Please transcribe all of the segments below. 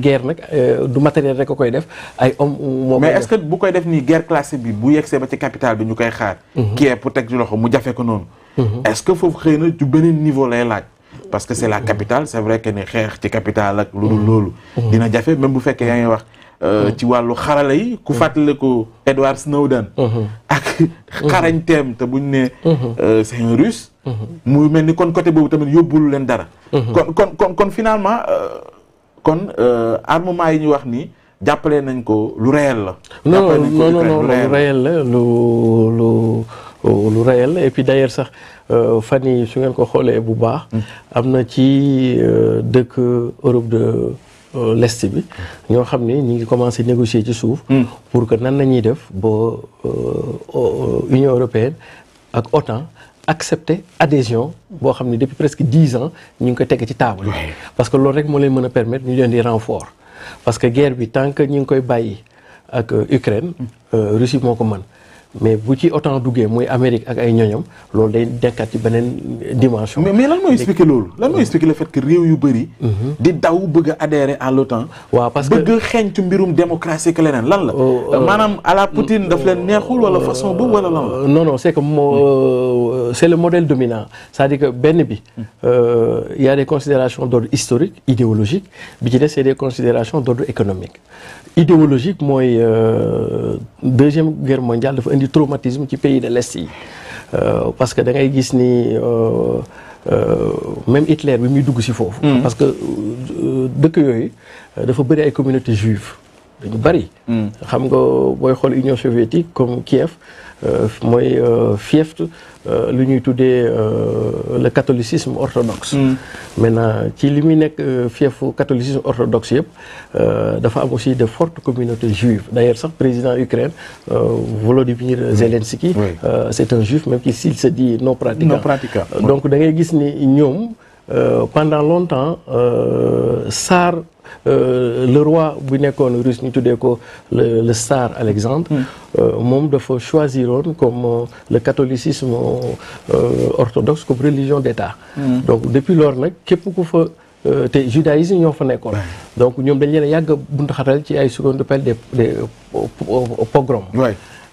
guerre nag euh, du matériel rek a koy def ay homme moo mais est ce que bu koy def nii guerre classique bi bu yegsee ba ci capital bi ñu koy xaar mhm. kii pour teg ci loxo mu jafe ko noonu mhm. est ce que foofu xëy na du beneen niveau lay laaj parce que c' la capitale c' vrai que ne xeex ci capital ak lu dul mhm. loolu dina jafe même bu fekkee yaa ngi wax euh, ci wàllu xarala yi ku fàttaliku Edward Snowden ak xarañteem te buñ ne euh, c' est un russe muy mel ni kon côté boobu tamit yóbbulu kon euh, armement yi ñu wax nii jàppale nañ ko lu réel la. jàppale nañ ko lu réel la lu lu. lu réel et puis sax euh, fan yi su ngeen ko xoolee bu baax hmm. am na ci euh, dëkk Europe de l'Est bi ñoo xam ne ñu ngi commencé négocier ci suuf hmm. pour que nan la ñuy def ba Union européenne ak OTAN accepter adhésion boo xam ne depuis presque dix ans ñu ngi ko teg ci table parce que loolu rek moo leen mën a permettre ñu leen di renfort parce que guerre bi tant que ñu koy bàyyi ak euh, Ukraine mm. euh, russi moo ko mën mais bu ci autant duggee muy Amérique ak ay ñoñam loolu day dekkaat ci beneen dimension. mais mais lan moo expliqué loolu lan moo expliqué le fait que réew yu bëri. Mhm. di daw bëgg a adhérer à l'OTAN. waaw parce que bëgg xeeñtu mbirum démocratie que leneen lan la. Oh, euh, euh, maanaam à la Poutine daf leen neexul wala euh, façon boobu wala lan la. non non c'est que hmm. le modèle dominant cest dire que benn bi il hmm. y a des considérations d'ordre historique idéologique bi ci des c'est des considérations économique idéologique mooy deuxième indi traumatisme ci pays de l'Est yi euh, parce que da ngay gis ni euh, euh, même Hitler bi muy dugg si foofu mm. parce que dëkk yooyu dafa bëri ay communauté juive dañu bëri mm. xam nga booy xool Union soviétique comme Kiev Euh, mooy euh, fief euh, lu ñuy tuddee le catholicisme orthodoxe. Mm. maintenant ci li muy nekk fiefu catholicisme orthodoxe yëpp dafa am aussi de fortes communautés juives d'ailleurs sax président Ukraine Volodymyr mm. Zelensky. c'est un juif même s'il se dit non pratiquant. non pratiquant donc da ngay gis ni ñoom pendant longtemps saar. Euh, le roi bu nekkoon russe ñu tuddee ko le le tsar Alexandre. Hmm. Euh, moom dafa choisiroon comme euh, le catholicisme orthodoxe comme religion d'État. Hmm. donc depuis lors nag képp ku fa. te judaïsme ñoo fa nekkoon. donc ñoom dañ leen a yàgg buntu xatal ci ay seconde appel des des pogroms.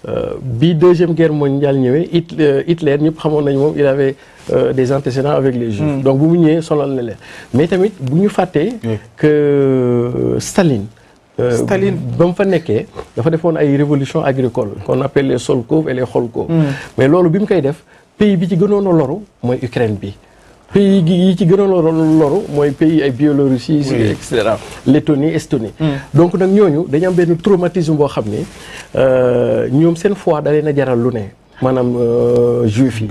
Euh, bi deuxième guerre mondiale ñëwee it euh, Hitler ñëpp xamoon nañu moom il avait euh, des antécédents avec les juifs hmm. donc bu mu ñëwee sonal na mais tamit bu ñu fàttee que Staline Staline ba mu fa nekkee dafa defoon ay révolution agricole qu'on appelle les Solkov et les Kholkov hmm. mais loolu bi mu koy def pays bi ci gënoon a loru mooy Ukraine bi pays yi ci gën a loru loru mooy pays ay Biélorussie et cetera Lettonie Estonie mm. donc nag ñooñu dañu am benn traumatisme boo xam ni euh, ñoom seen foi da leen a jaral lu ne maanaam euh, juif yi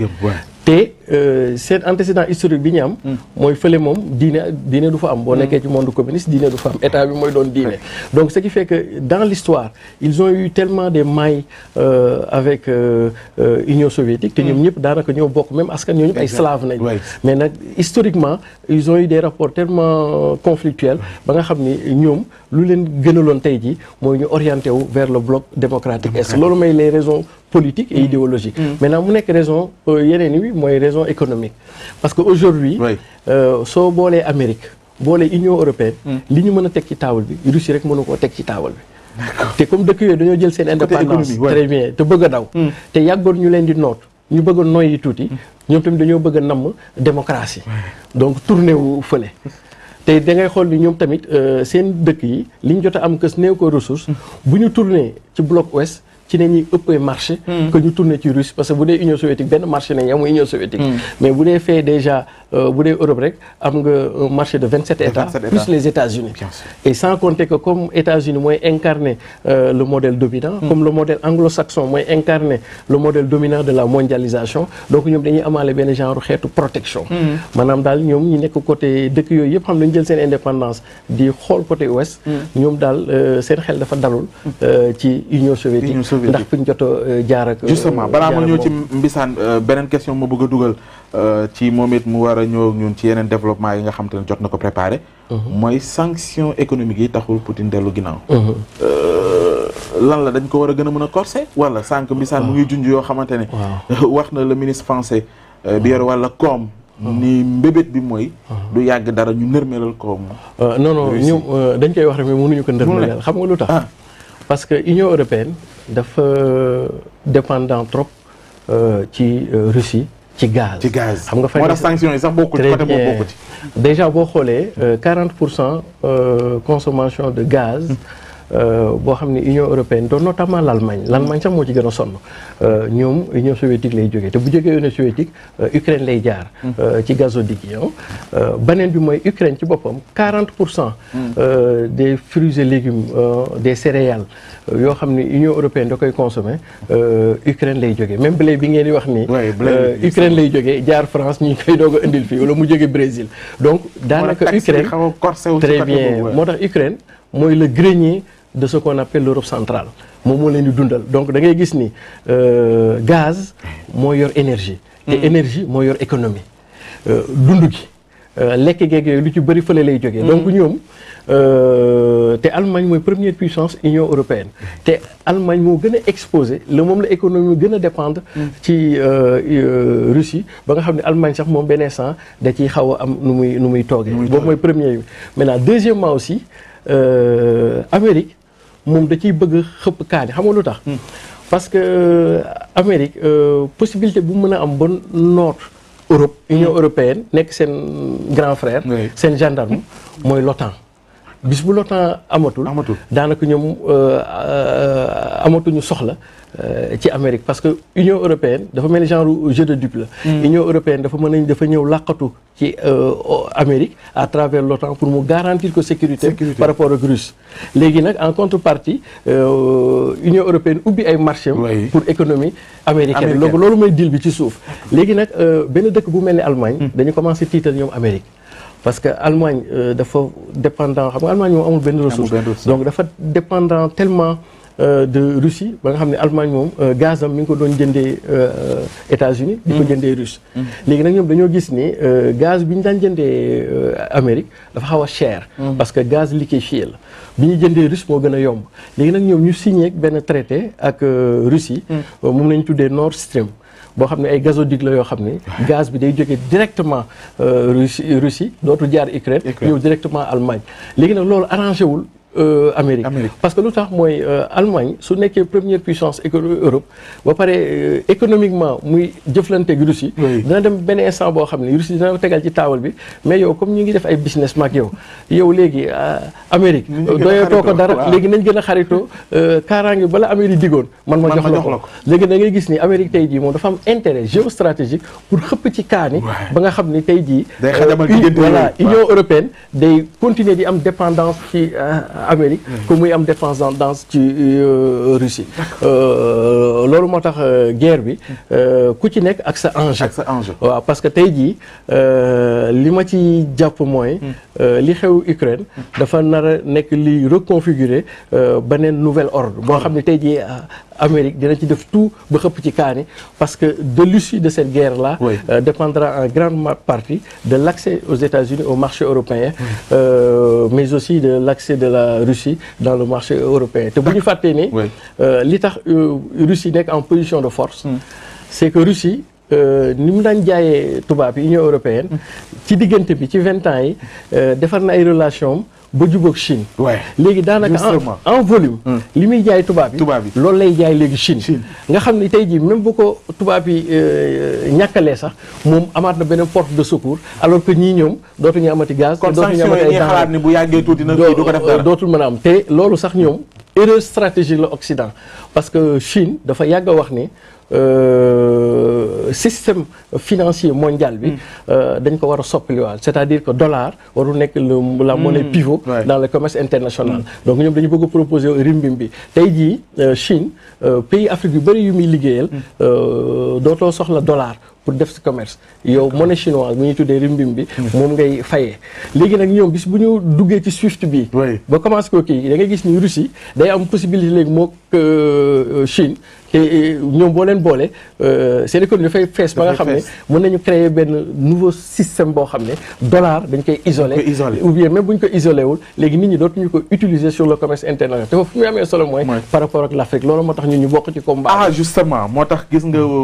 te euh, seen antécédent historique bi ñu am. Hmm. mooy fële moom diine diine du fa am. boo hmm. nekkee ci monde communiste diine du fa am état bi mooy doon diine. donc ce qui fait que dans l'histoire ils ont eu tellement des mailles euh, avec euh, Union soviétique. te ñoom hmm. ñëpp daanaka ñëw bokk même askan ñoo ñëpp ay slaves nañ. mais nag historiquement ils ont eu des rapports telement conflictuels ba nga xam ni ñoom lu leen gënaloon tey ji mooy ñu orienté wu vers le bloc démocratique est loolu may les raisons. politique et mm. idéologique mm. maintenant mu nekk raison euh, yeneen yi mooy raison économique parce que aujourd'hui euh, soo boolee Amérique boolee Union européenne mm. li ñu mën a teg ci taabal bi Russie rek mënu koo teg ci taabal bi te comme dëkk yooyu dañoo jël seen indépendance très bien te bëgg daw te yàggoon ñu leen di noot ñu bëgg a noyyi tuuti ñoom tamit dañoo bëgg a namm démocratie donc tourné wu fële te da ngay xool ni ñoom tamit euh, seen dëkk yi li ñu jot am kës néew ko ressource bu ñu tourné ci bloc ci la ñuy ëppee marché. Hmm. que ñu tourner ci russe parce que bu dee Union soviétique benn marché nañu am Union soviétique. Hmm. mais bu dee fee déjà euh, bu dee Europe rek am nga marché de 27 états. plus les États-Unis et sans compter que comme États-Unis mooy incarner euh, le modèle dominant. Hmm. comme le modèle anglo-saxon mooy incarner le modèle dominant de la mondialisation donc ñoom dañuy amaale benn genre xeetu protection. maanaam daal ñoom ñu nekk côté dëkk yooyu yëpp xam nañu jël seen indépendance di xool côté ouest. ñoom daal euh, seen xel dafa dalul. ci Union soviétique. Chauvier ndax fi ñu a euh, jaar ak. Euh, justement balaa ma ñëw ci mbisaan euh, beneen question ma bëgg dugal ci moom it mu war a ñëw ñun ci yeneen développement yi nga xam te ne jot na ko préparé. mooy sanction économique yi taxul Poutine dellu ginnaaw. lan la dañ ko war a gën a mën a corsé wala sànq mbisaan mu ngi ah. junj yoo xamante ne. wax na le ministre français. bi yor ah. wàlla koom. Ah. ni mbébét bi mooy. du yàgg dara ñu nërmeelal koom. non non ñu dañ koy wax rek mais mënuñu xam nga lu tax. parce que Union européenne dafa euh, dépendant trop euh, ci euh, Russie ci gaz. ci gaz xam nga fan. sanctions yi sax déjà boo xoolee 40 pour cent consommation de gaz. Euh, boo xam ne Union européenne doon notamment l'Allemagne l'Allemagne sax moo ci gën a sonn euh, ñoom Union soviétique lay jógee te bu jógee Union soviétique euh, Ukraine lay jaar mm. ci gazoduc yi beneen bi mooy Ukraine ci boppam 40 pour cent mm. des fruits et légumes des céréales yoo xam ne Union européenne da koy consommer Ukraine lay jógee même blé bi ngeen di wax ni Ukraine lay jógee jaar France ñu ngi koy doog a indil fii wala mu jóge Brésil donc daanaka Ukraine très bien moo tax Ukraine mooy le grenier de ce qu'on appelle l'Europe centrale moom moo leen di dundal donc da ngay gis ni euh, gaz moo yor énergie te hmm. énergie moo yor économie euh, dund gi euh, lekk geeg yooyu lu ci bëri fële lay jógee hmm. donc ñoom te Allemagne mooy première puissance Union européenne te Allemagne moo gën a exposé la moom la économie gën a dépendre hmm. ci Russie ba nga xam ne Allemagne sax moom benn instant da ciy xaw a am nu muy nu muy toogee boobu mooy premier bi maintenant deuxièmement aussi Amérique moom da ciy bëgg xëpp kaani xam nga lu tax. Hmm. parce que euh, Amérique euh, possibilité bu mën a am ba noot Europe Union hmm. européenne nekk seen grand frère. seen gendarme hmm. mooy l'OTAN bis bu lootaan amatul amatul daanaka ñoom euh, euh, amatuñu soxla euh, ci Amérique parce que Union européenne dafa mel ni genre jeu de dupe la. Mm. Union européenne dafa mën nañ dafa ñëw làqatu ci Amérique à travers l'OTAN pour mu garantir ko sécurité par rapport ak Russes léegi nag en contrepartie Union européenne ubbi ay marché pour économie américaine loolu mooy deal bi ci suuf léegi nag benn dëkk bu mel ni Allemagne mm. dañu commencé tiital ñoom Amérique parce que Allemagne euh, dafa dépendant xam nga Allemagne moom amul benn ressource donc dafa dépendant tellement euh, de Russie ba nga xam ne Allemagne moom euh, gazam mi ngi ko doon jëndee États-Unis di ko mm. jëndee russe mm. léegi nag ñoom dañoo gis ni gaz bi ñu daan jëndee Amérique dafa xaw a cher mm. parce que gaz liquéfié la bi ñu jëndee russe moo gën a yomb léegi nag ñoom ñu signé benn traité ak Russie moom lañ tuddee Nord Stream boo xam ne ay gazoduc la yoo xam ne gaz bi day jógee directement euh, Russie Russie dootu jaar Ukraine. ñëw directement Allemagne léegi nag loolu arrangé wul Euh, Amérique parce que lu tax mooy euh, Allemagne su nekkee première puissance économique Europe ba pare euh, économiquement muy jëflanteeg Russie dina dem benn instant boo xam ne Russie dina ko tegal ci taabal bi mais yow comme ñu ngi def ay business mag yow yow léegi Amérique doyatoo ko dara léegi nañ gën a xaritoo kaaraange bala Amérique digoon man ma jox la ko léegi na ngay gis ni Amérique tey jii moom dafa am intérêt géostratégique pour xëpp ci kaani ba nga xam ni tey jii voilà Union européenne day continuer di am dépendance ci Amérique que mm-hmm. muy am dépendance ci euh, Russie euh, loolu moo tax euh, guerre bi mm-hmm. ku ci nekk ak sa enjeu waaw parce que tey jii li ma ci jàpp mooy mm-hmm. li xew Ukraine dafa nar nekk li reconfigure reconfigurer beneen nouvel ordre boo xam ne tey jii Amérique dina ci def tout ba xëpp ci kaani parce que de l'issue de cette guerre la oui. euh, dépendra en partie de l'accès aux États-Unis au marché européen oui. euh, mais aussi de l'accès de la la Russie dans le marché européen te bu ñu fàttee ni euh, li tax euh, Russie nekk en position de force mm. c'est que Russie euh, ni mu daan jaayee tubaab yi Union européenne mm. ci diggante bi ci vingt ans yi defar na ay relation ba jubóog Chine. waay léegi daanaka en en volume. Hmm. li muy jaay tubaab yi tubaab yi loolu lay jaay léegi Chine. nga xam ni tey jii même bu ko tubaab yi euh, euh, ñàkkalee sax moom amaat na beneen porte de secours alors que ñii ñoom dootuñu amati gaz. te dootuñu amati ay bu yàggee tuuti na kii du ko def dara dootul mën a am te loolu sax ñoom. erreur stratégique la Occident parce que Chine dafa yàgg wax ni euh, système financier mondial bi hmm. euh, dañ ko war a soppaliwaal c'est-à-dire que dollar waru nekk la hmm. monnaie pivot dans le commerce international hmm. donc ñoom dañu bëgg a proposer bi tey jii euh, Chine pays Afrique yu bëri yu muy liggéeyal dootoo soxla dollar pour def si commerce yow monnaie chinoise bu ñuy tuddee rimbim bi hmm. moom ngay fayee léegi nag ñoom bis bu ñu duggee ci swift bi ba commencé koo kii da ngay gis ni Russie day am possibilité léegi mook euh, euh, Chine te euh, ñoom boo leen boole seen économie dafay fees ba nga xam ne mën nañu créer benn nouveau système boo xam ne dollar dañ koy isolé ou bien même bu ko isolé léegi nit ñi dootuñu ko utiliser sur le commerce international te fu muy amee solo par rapport tax ñu bokk ah, moo tax gis